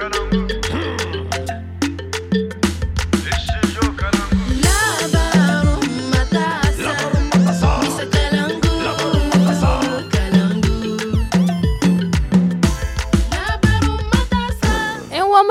caramba.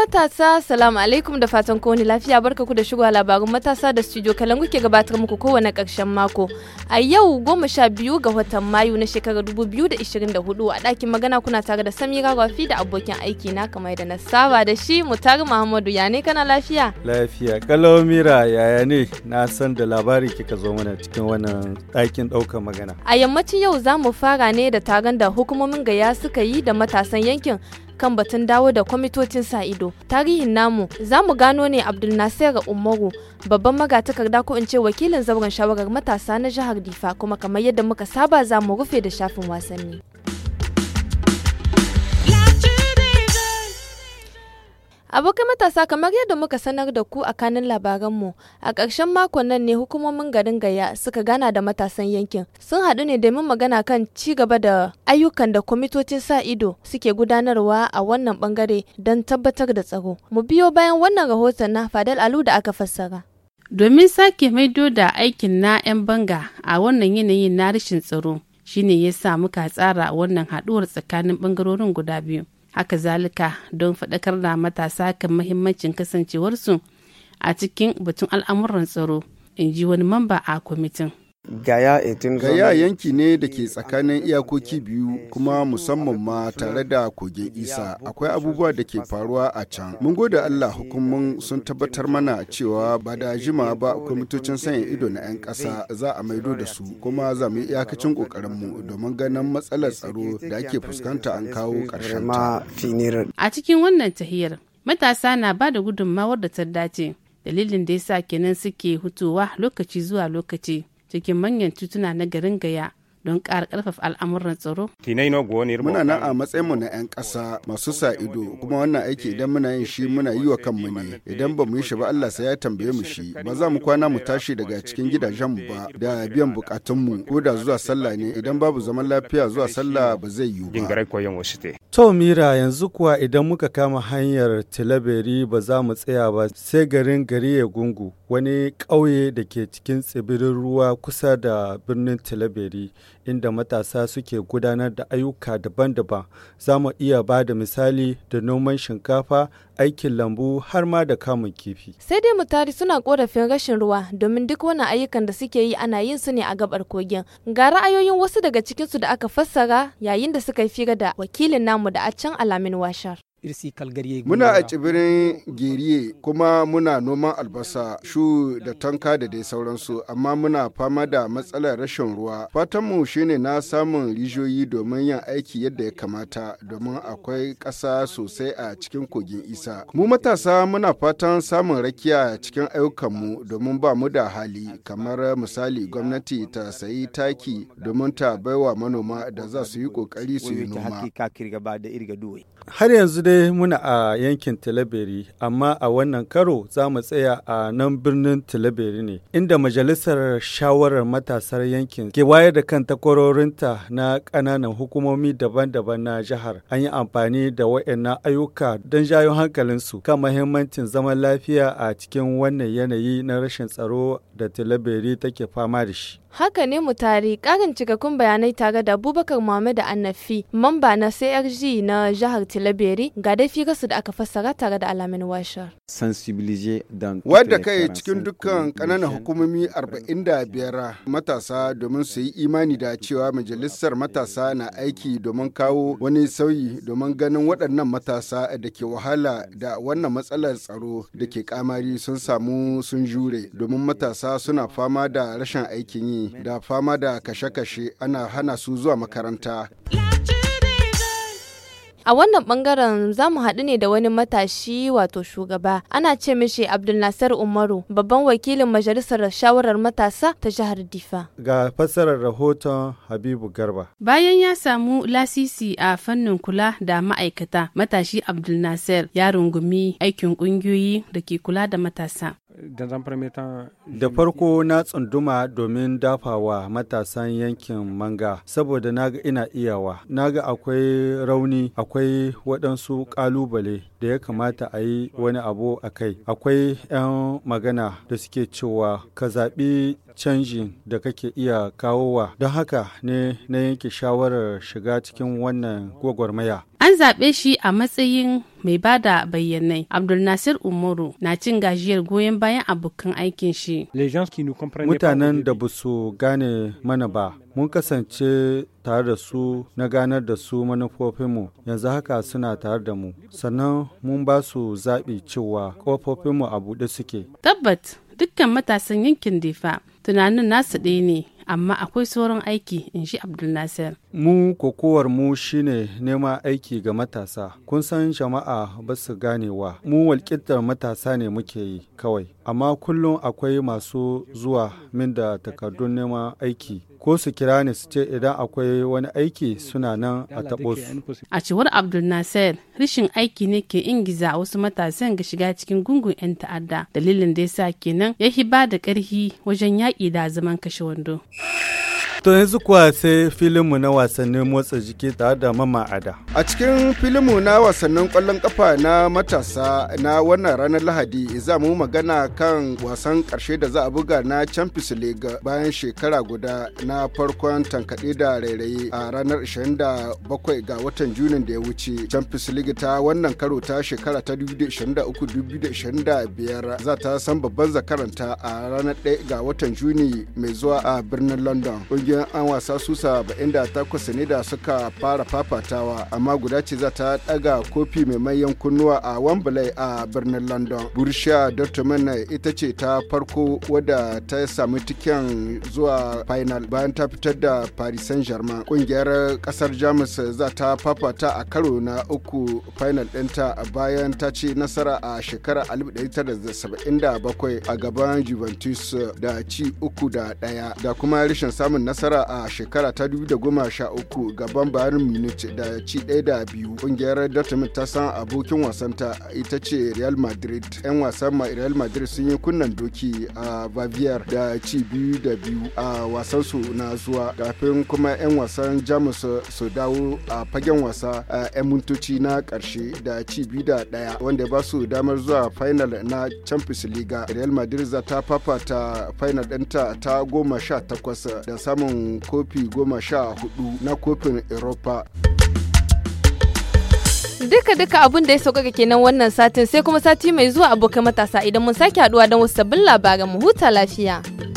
matasa salamu alaikum da fatan kowane lafiya barka ku da shigo labarin matasa da studio kalangu ke gabatar muku kowane karshen mako a yau goma sha biyu ga watan mayu na shekarar dubu biyu da ishirin da hudu a ɗakin magana kuna tare da samira rafi da abokin aiki na kamar da na saba da shi mutari muhammadu ya ne kana lafiya lafiya kalau yaya ne na san da labari kika zo mana cikin wannan ɗakin ɗaukar magana a yammacin yau za mu fara ne da taron da hukumomin gaya suka yi da matasan yankin kan batun dawo da kwamitocin sa ido. Tarihin namu za mu gano ne Abdul nasiru Umaru babban magatakarda ko in ce wakilin zauren shawarar matasa na jihar Difa kuma kamar yadda muka saba za mu rufe da shafin wasanni. Abokai matasa kamar yadda muka sanar da ku a kanin labaranmu a ƙarshen makon nan ne hukumomin garin Gaya suka gana da matasan yankin sun haɗu ne domin magana kan ci gaba da ayyukan da kwamitocin sa ido suke gudanarwa a wannan bangare don tabbatar da tsaro. Mu biyo bayan wannan rahoton na Fadal Alu da aka fassara. Domin sake maido da aikin na 'yan banga a wannan yanayin na rashin tsaro shine yasa muka tsara wannan haɗuwar tsakanin bangarorin guda biyu. haka zalika don faɗakar da matasa kan mahimmancin kasancewarsu a cikin batun al'amuran tsaro in ji wani mamba a kwamitin. Gaya, Gaya yanki ne da ke tsakanin iyakoki biyu kuma musamman ma tare da kogin Isa akwai abubuwa da ke faruwa a can. Mun gode Allah hukumun sun tabbatar mana cewa ba da jima ba kwamitocin sanya ido na 'yan ƙasa za a maido da su kuma za mu yi iyakacin ƙoƙarinmu domin ganin matsalar tsaro da ake fuskanta an kawo ƙarshen ta. A cikin wannan tahiyar matasa na ba da gudunmawar da ta dace dalilin da yasa kenan suke hutuwa lokaci zuwa lokaci. cikin manyan tituna na garin Gaya don ƙara ƙarfafa al'amuran tsaro. Muna na a mu na 'yan ƙasa masu sa ido kuma wannan aiki idan muna yin shi muna yi wa kanmu ne idan ba mu yi shi ba Allah sai ya tambaye mu shi ba za mu kwana mu tashi daga cikin gidajen mu ba da biyan bukatunmu ko da zuwa sallah ne idan babu zaman lafiya zuwa sallah ba zai yiwu ba. To Mira yanzu kuwa idan muka kama hanyar Tilaberi ba za mu tsaya ba sai garin gari ya Gungu wani ƙauye da ke cikin tsibirin ruwa kusa da birnin Tilaberi inda matasa suke gudanar da ayyuka daban-daban. Za mu iya ba da misali da noman shinkafa aikin lambu har ma da kamun kifi. Sai dai mutari suna korafin rashin ruwa domin duk wani ayyukan da suke yi ana yin su ne a gabar kogin. Ga ra'ayoyin wasu daga cikinsu da aka fassara yayin da suka yi fira da wakilin namu da a can alamin washar. Muna a tsibirin Geriye kuma muna noman albasa, shu da tanka da dai sauransu, amma muna fama da matsalar rashin ruwa. Fatanmu shine na samun rijiyoyi domin yin aiki yadda ya kamata, domin akwai ƙasa sosai a cikin kogin isa. Mu matasa muna fatan samun rakiya cikin ayyukanmu domin ba mu da hali, kamar misali gwamnati ta sayi taki domin ta baiwa manoma da za su yi ƙoƙari su yi noma. Har yanzu dai muna a yankin Tilaberi, amma a wannan karo za mu tsaya a nan birnin Tilaberi ne, inda Majalisar Shawarar Matasar Yankin ke wayar da kan takwarorinta na ƙananan hukumomi daban-daban na jihar. An yi amfani da waɗannan ayyuka don jayo hankalinsu kan mahimmancin zaman lafiya a cikin wannan yanayi na rashin tsaro da Tilaberi take fama da shi. Haka ne mu tari ƙarin cikakkun bayanai tare da Abubakar Muhammad da Annafi, mamba na CRG na jihar Tilaberi ga dai su da aka fassara tare da alamin washar. Wadda kai cikin dukkan kananan hukumomi 45 matasa domin su yi imani da cewa majalisar matasa na aiki domin kawo wani sauyi domin ganin waɗannan matasa da ke wahala da wannan matsalar tsaro da ke kamari sun samu sun jure domin matasa suna fama da rashin aikin yi da fama da kashe-kashe ana hana su zuwa makaranta. A wannan bangaren za mu haɗu ne da wani matashi wato shugaba ana ce mishi Abdulnasir Umaru babban wakilin majalisar shawarar matasa ta jihar Difa. Ga fassarar rahoton Habibu Garba. Bayan ya samu lasisi a fannin kula da ma'aikata matashi Abdulnasir ya rungumi aikin ƙungiyoyi da ke kula da matasa. Da farko na tsunduma domin dafawa matasan yankin manga saboda naga ina iyawa. Naga akwai rauni, akwai waɗansu ƙalubale da ya kamata a yi wani abu a kai. Akwai 'yan magana da suke cewa ka zaɓi canjin da kake iya kawowa. Don haka ne na yanke shawarar shiga cikin wannan gwagwarmaya. An zaɓe shi a matsayin mai bada bayyanai Abdulnasir Umaru na cin gajiyar goyon bayan abokan aikin shi. Mutanen da ba su gane mana ba, mun kasance tare da su na ganar da su manufofinmu yanzu haka suna tare da mu, sannan mun ba su zaɓi cewa kofofinmu a buɗe suke. Tabbat dukkan matasan yankin Difa tunanin nasu ɗaya ne amma akwai sauran aiki in shi nasir. mu kokowar mu shine nema aiki ga matasa kun san jama'a ba su ganewa mu walƙitar matasa ne muke yi kawai amma kullum akwai masu zuwa min da takardun neman aiki ko su kira ni su ce idan akwai wani aiki suna nan a taɓo su. A cewar Abdul Nasir, rashin aiki ne ke ingiza wasu matasan ga shiga cikin gungun 'yan ta'adda. Dalilin da ya sa kenan ya ba da ƙarfi wajen yaƙi da zaman kashe wando. To yanzu kuwa sai filinmu na wasannin motsa jiki tare da mama ada. A cikin filinmu na wasannin kwallon kafa na matasa na wannan ranar Lahadi za mu magana kan wasan karshe da za a buga na Champions League bayan shekara guda na farkon tankaɗe da rairayi a ranar 27 ga watan Junin da ya wuce. Champions League ta wannan karo ta shekara ta 2023-2025 za ta san babban zakaranta a ranar 1 ga watan Juni mai zuwa a birnin London. kungiyoyin an wasa su 78 ne da suka fara fafatawa amma guda ce za ta daga kofi mai manyan kunnuwa a wembley a birnin london borussia dortmund ita ce ta farko wadda ta sami tikin zuwa final bayan ta fitar da paris saint-germain kungiyar kasar jamus za ta fafata a karo na uku final ɗinta bayan ta ci nasara a shekarar 1977 a gaban juventus da ci uku da daya. da kuma rashin samun nasara nasara a shekara ta 2013 gaban bayan munich da ci ɗaya da biyu ƙungiyar dortmund ta san abokin wasanta ita ce real madrid 'yan wasan ma real madrid sun yi kunnan doki a bavier da ci biyu da biyu a wasan su na zuwa kafin kuma 'yan wasan jamus su dawo a fagen wasa a 'yan mintoci na ƙarshe da ci biyu da ɗaya wanda ba su damar zuwa final na champions league real madrid za ta fafata final ɗinta ta goma sha takwas da samun kan kofi goma sha hudu na kofin europa duka duka abun da ya sauƙaƙa kenan wannan satin sai kuma sati mai zuwa abokan matasa idan mun sake haduwa don wasu sabbin labaran mu huta lafiya